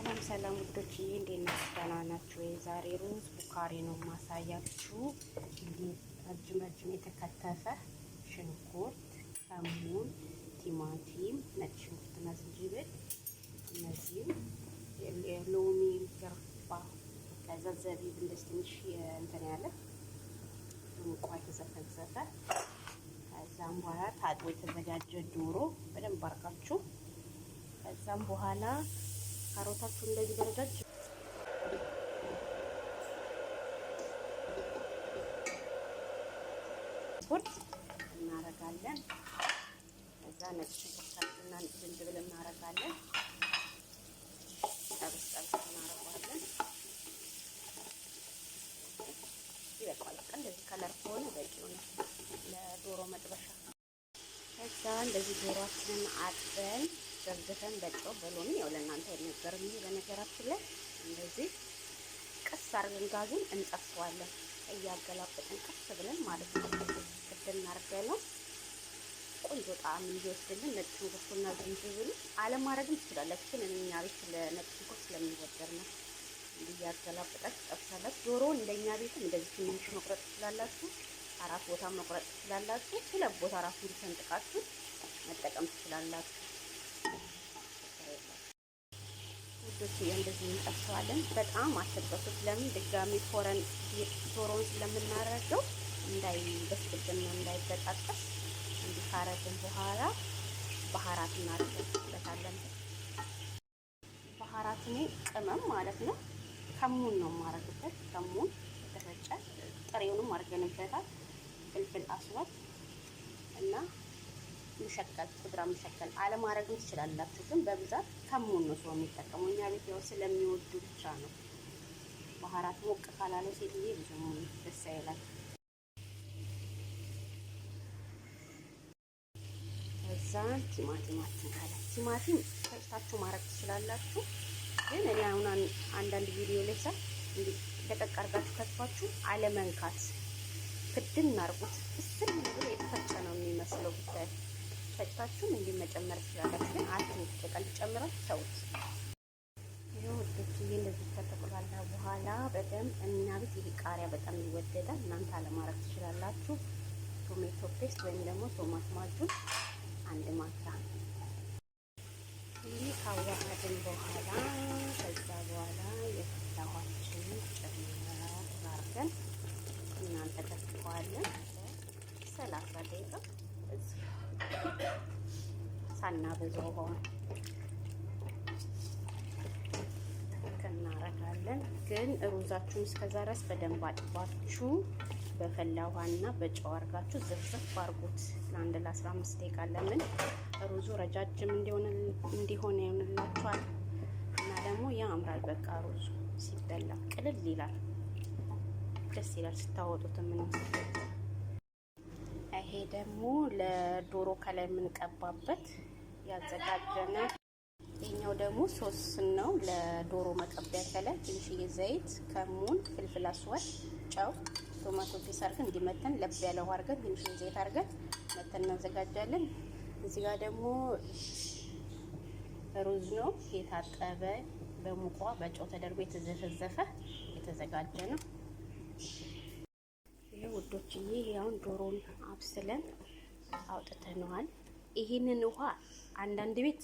ሰላም ሰላም ውዶች፣ ይህ እንዴት ናችሁ? ደህና ናችሁ? የዛሬ ሩዝ ቡካሪ ነው ማሳያችሁ። ረጅም ረጅም የተከተፈ ሽንኩርት፣ ከሙን፣ ቲማቲም፣ ነጭ ሽንኩርት እና ዝንጅብል፣ እነዚህም የሎሚ ገርባ፣ ከዛ ዘቢብ እንደዚህ ትንሽ እንትን ያለ እንቋ የተዘፈዘፈ ከዛም በኋላ ታጥቦ የተዘጋጀ ዶሮ በደንብ አርጋችሁ ከዛም በኋላ ካሮታችሁ እንደዚህ በረዳች ሽንኩርት እናረጋለን። ከዛ ነጭ ሽንኩርታችንና ነጭ ዝንጅብል እናረጋለን። ጠብስ ጠብስ እናረጋለን። ይበቃል። እንደዚህ ከለር ከሆነ ለዶሮ መጥበሻ። ከዛ እንደዚህ ዶሮአችንን አጥበን ዘብዝፈን በጨው በሎሚ ያው ለእናንተ ነገር እንጂ በነገራችን ላይ እንደዚህ ቀስ አርገን ጋዙን እንጠፋዋለን። እያገላበጥን ቀስ ብለን ማለት ነው። ቅድም እናርገለው ቆንጆ ጣዕም እንዲወስድልን ነጭ ሽንኩርቱና ዝንጅብሉ አለማድረግም ትችላላችሁ፣ ግን እኛ ቤት ለነጭ ሽንኩርት ስለሚወደድ ነው። እንዲያገላብጣችሁ ጠብሳላችሁ። ዶሮውን እንደኛ ቤትም እንደዚህ ትንሽ መቁረጥ ትችላላችሁ፣ አራት ቦታ መቁረጥ ትችላላችሁ፣ ሁለት ቦታ ራሱ እንዲሰንጥቃችሁ መጠቀም ትችላላችሁ። ውዶች እንደዚህ እንጠብሰዋለን። በጣም አትበሱት። ለምን ድጋሚ ፎረን ዶሮውን ስለምናረገው ነው እንዳይበጣጠስ እንዲህ ካረግን በኋላ ባህራት እናደርግበታለን። ባህራት እኔ ቅመም ማለት ነው። ከሙን ነው የማረግበት። ከሙን የተፈጨ ጥሬውንም አድርገንበታል። ፍልፍል አስዋት እና መሸከል ቁድራ መሸከል አለማድረግም ትችላላችሁ። ግን በብዛት ከሙን ነው ሰው የሚጠቀሙ እኛ ቤት ያው ስለሚወዱ ብቻ ነው። ባህራት ሞቅ ካላለው ሴትዬ ብዙ ደስ አይላል። ከዛ ቲማቲም አትንካለ ቲማቲም ፈጭታችሁ ማድረግ ትችላላችሁ። ግን እኔ አሁን አንዳንድ ቪዲዮ ላይ ሳ ደቀቅ አርጋችሁ ከትፋችሁ አለመንካት ክድን አድርጉት። እስር የተፈጨ ነው የሚመስለው ብታይ ፈጭታችሁም እንዲህ መጨመር ትችላላችሁ። ግን አትሙት፣ በቀልድ ጨምራችሁ ተውት። ይኸው ውዶች ይሄ እንደዚህ ከተቆላላ በኋላ በደንብ እና ቤት ይሄ ቃሪያ በጣም ይወደዳል። እናንተ አለማረግ ትችላላችሁ። ቶሜቶ ፔስት ወይም ደግሞ ቶማት ማጁ አንድ ማንኪያ ይህ ካዋሃድን በኋላ ከዛ በኋላ የፈላኋችን ጨምራ አድርገን እናንተ እናንተቀጥዋለን ሰላሳ ደቂቃ ሳናበዛው ሆነ እናረጋለን። ግን ሩዛችሁን እስከዛ ድረስ በደንብ አጥባችሁ በፈላ ውሃና በጨው አርጋችሁ ዝፍዝፍ አርጉት ለአንድ ለ15 ደቂቃ። ለምን ሩዙ ረጃጅም እንዲሆን ይሆንላችኋል እና ደግሞ ያምራል። በቃ ሩዙ ሲበላ ቅልል ይላል፣ ደስ ይላል ስታወጡት ምንም ይሄ ደግሞ ለዶሮ ከላይ የምንቀባበት ያዘጋጀነ። ይሄኛው ደግሞ ሶስ ነው ለዶሮ መቀቢያ። ከላይ ትንሽዬ ዘይት፣ ከሙን፣ ፍልፍል አስዋድ፣ ጨው፣ ቶማቶ ፒስ አድርገን እንዲመተን ለብ ያለ ውሃ አድርገን ትንሽዬ ዘይት አርገን መተን እናዘጋጃለን። እዚህ ጋር ደግሞ ሩዝ ነው የታጠበ በሙቋ በጨው ተደርጎ የተዘፈዘፈ የተዘጋጀ ነው። ውዶችዬ ያውን ዶሮን አብስለን አውጥተነዋል። ይህንን ውሃ አንዳንድ ቤት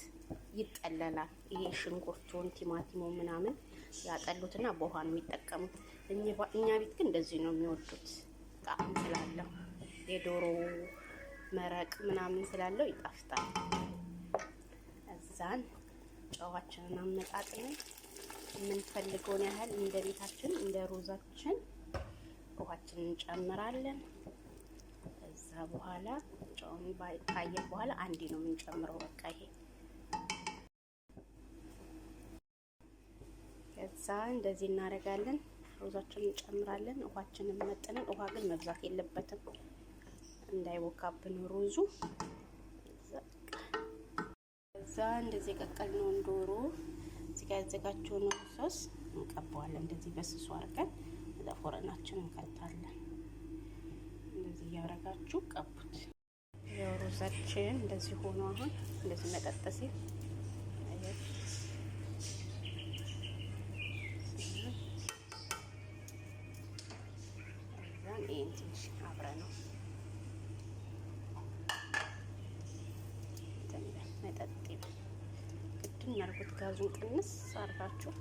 ይጠለላል። ይሄ ሽንኩርቱን፣ ቲማቲሙ ምናምን ያጠሉትና በውሃ ነው የሚጠቀሙት። እኛ ቤት ግን እንደዚህ ነው የሚወዱት። ጣዕም ስላለው የዶሮ መረቅ ምናምን ስላለው ይጣፍጣል። እዛን ጨዋችንን አመጣጥነን የምንፈልገውን ያህል እንደ ቤታችን እንደ ሮዛችን ውሃችንን እንጨምራለን። ከዛ በኋላ ጨውን ካየ በኋላ አንዴ ነው የምንጨምረው። በቃ ይሄ ከዛ እንደዚህ እናደርጋለን። ሩዛችንን እንጨምራለን። ውሃችንን መጥነን፣ ውሃ ግን መብዛት የለበትም እንዳይቦካብን ሩዙ። ከዛ እንደዚህ የቀቀልነውን ዶሮ እዚጋ ያዘጋጀውን ሶስ እንቀባዋለን። እንደዚህ በስሱ አድርገን ለፎረናችን እንከታለን። እንደዚህ እያደረጋችሁ ቀቡት። የሩዛችን እንደዚህ ሆኖ አሁን እንደዚህ መጠጥ ሲል ይህን ትንሽ አብረ ነው መጠጥ ጋዙን ቅንስ አርጋችሁ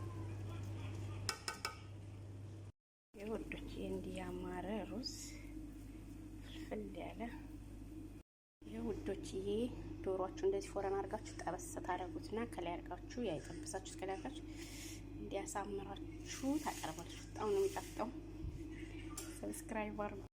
እንዲህ ያማረ ሩዝ ፍልፍል ያለ ውዶችዬ፣ ዶሯችሁ እንደዚህ ፎረን አድርጋችሁ ጠበስ ታደርጉትና ከላይ አድርጋችሁ ያ የጠበሳችሁ ከላይ አድርጋችሁ እንዲያሳምራችሁ ታቀርባላችሁ። በጣም ነው የሚጣፍጠው። ሰብስክራይብ አድርጉ።